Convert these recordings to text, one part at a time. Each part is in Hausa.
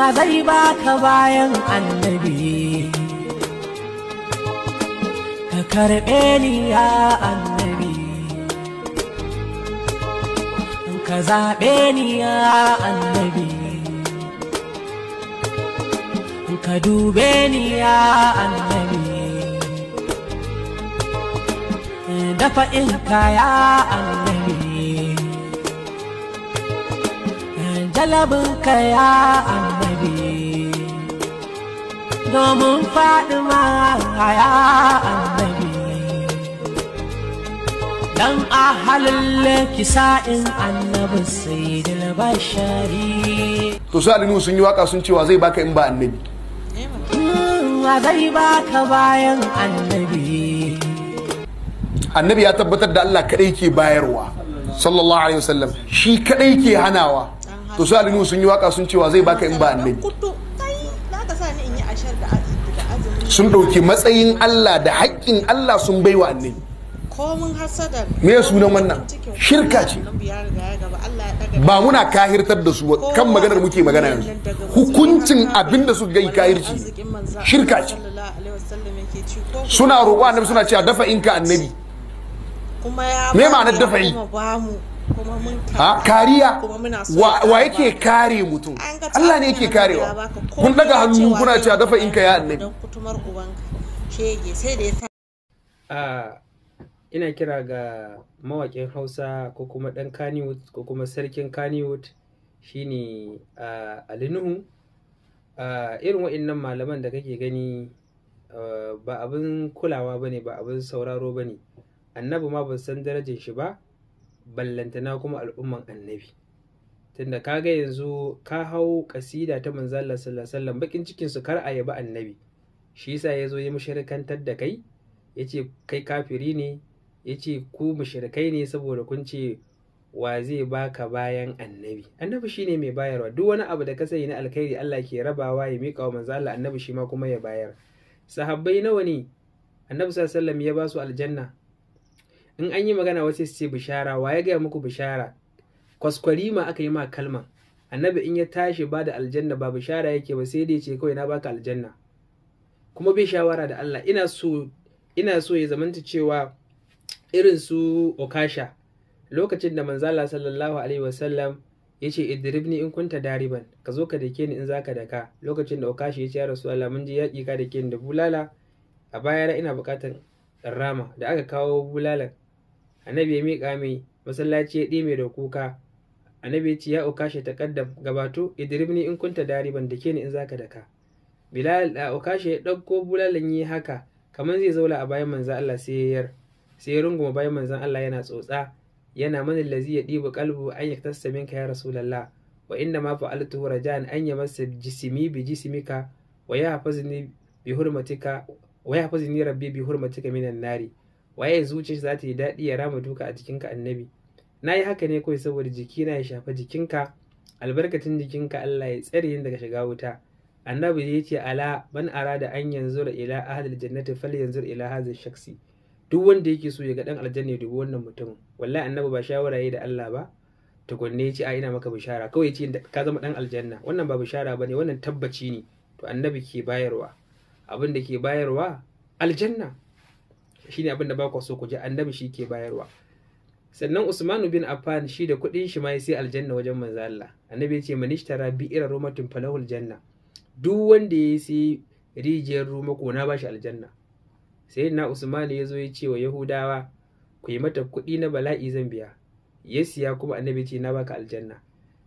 wa zai baka bayan annabi ka karɓe ni ya annabi ka zaɓe ni ya annabi ka dube ni ya annabi dafa in ka ya annabi ka ya annabi domin faɗi ma ya annabi dan ahalin sa'in annabi sai bashari to su adini sun yi waka sun cewa zai baka in ba annabi zai baka bayan annabi annabi ya tabbatar da Allah kadai ke bayarwa sallallahu alaihi wasallam shi kaɗai ke hanawa to su alinu sun yi waka sun cewa zai baka in ba annabi sun ɗauki matsayin Allah da haƙƙin Allah sun baiwa annabi me ya sunan wannan shirka ce ba muna kahirtar da su kan maganar muke magana yanzu hukuncin abin da suka gai kahirci shirka ce suna roƙo annabi suna cewa dafa inka annabi me ma'anar dafa yi kariya wa yake kare mutum Allah ne yake karewa kun daga hannu kuna cewa dafa in ka ya annabi ina kira ga mawakin Hausa ko kuma ɗan Kannywood ko kuma sarkin Kannywood shine Ali Nuhu irin waɗannan malaman da kake gani ba abin kulawa bane ba abin sauraro bane annabi ma ban san darajar shi ba ballantana kuma al'umman annabi tunda ka ga yanzu ka hau kasida ta manzala sallasallam bakin cikin su kar a yaba annabi shi yasa zo ya mushrikantar da kai ya ce kai kafiri ne ya ce ku mushirikai ne saboda kun ce wa zai baka bayan annabi annabi shine mai bayarwa duk wani abu da ka sayi na alkhairi Allah ke rabawa ya mika wa manzo annabi shi ma kuma ya bayar sahabbai nawa ne annabi sallallahu ya ba su aljanna in an yi magana wasu su ce bishara wa ya gaya muku bishara kwaskwarima aka yi ma kalma annabi in ya tashi ba da aljanna ba bishara yake ba sai dai ce kawai na baka aljanna kuma bai shawara da Allah ina so ina so ya zamanta cewa irin su okasha lokacin da manzala sallallahu alaihi wasallam ya ce idribni in kunta dariban ka zo ka dake ni in zaka daka lokacin da okashi ya ce ya rasu mun je yaƙi ka dake ni da bulala a baya na ina buƙatar rama da aka kawo bulalan annabi ya miƙa mai masallaci ya ɗime da kuka annabi ya ce ya ukashe ta kaddam gabato idribni in kunta dari da ke ni in zaka daka bilal da ukashe ya ɗauko bulalan yi haka kamar zai zaula a bayan manzan Allah sai ya yar sai ya runguma bayan manzan Allah yana tsotsa yana manin lazi ya ɗibu kalbu an yi ka ya rasulallah wa inda ma fa'altu rajan an yi masa jisimi bi jisimika wa ya hafazni bi hurmatika wa ya rabbi bi hurmatika minan nari waye shi za ta yi daɗi ya rama duka a jikinka annabi na yi haka ne kawai saboda jiki jikina ya shafa jikinka albarkacin jikinka Allah ya tsare yin daga shiga wuta annabi ya ce ala man arada an yanzu da ila ahlil jannati fal yanzu ila hadhihi shaksi duk wanda yake so ya ga dan aljanna ya dubi wannan mutumin wallahi annabi ba shawara yi da Allah ba tukunne ya ce a ina maka bishara kawai ya ce ka zama dan aljanna wannan ba bishara bane wannan tabbaci ne to annabi ke bayarwa abin da ke bayarwa aljanna shine abin da ba so ku ji annabi shi ke bayarwa sannan usmanu bin affan shi da kuɗin shi ma ya sai aljanna wajen manzo Allah annabi ya ce manishtara bi ira rumatin falahul janna duk wanda ya sai rijiyar ruma ko na bashi aljanna sai na usmanu ya zo ya ce wa yahudawa ku yi mata kuɗi na bala'i zan biya ya siya kuma annabi ce na baka aljanna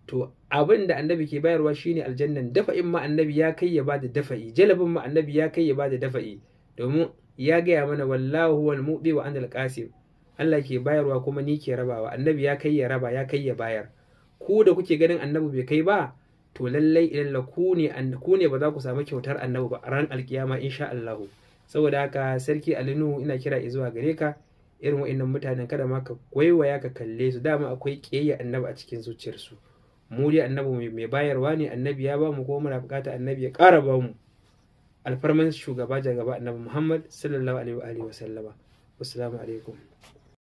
to abin da annabi ke bayarwa shine aljannan dafa'in ma annabi ya kai ya bada dafa'i jalabin ma annabi ya kai ya bada dafa'i domin ya gaya mana wallahu al mubi wa anil qasim Allah ke bayarwa kuma ni ke rabawa annabi ya kai ya raba ya kai ya bayar ku da kuke ganin annabi bai kai ba to lallai idan la ku ne ku ne ba za ku samu kyautar annabi ba ran alkiyama insha Allah saboda haka sarki alinu ina kira zuwa gare ka irin wa'annan mutanen kada ma ka gwaiwaya ka kalle su dama akwai kiyayya annabi a cikin zuciyarsu mu dai annabi mai bayarwa ne annabi ya ba mu ko muna bukata annabi ya kara ba mu alfarmar shugaba jagaba annabi muhammad sallallahu alaihi wa sallama wassalamu alaikum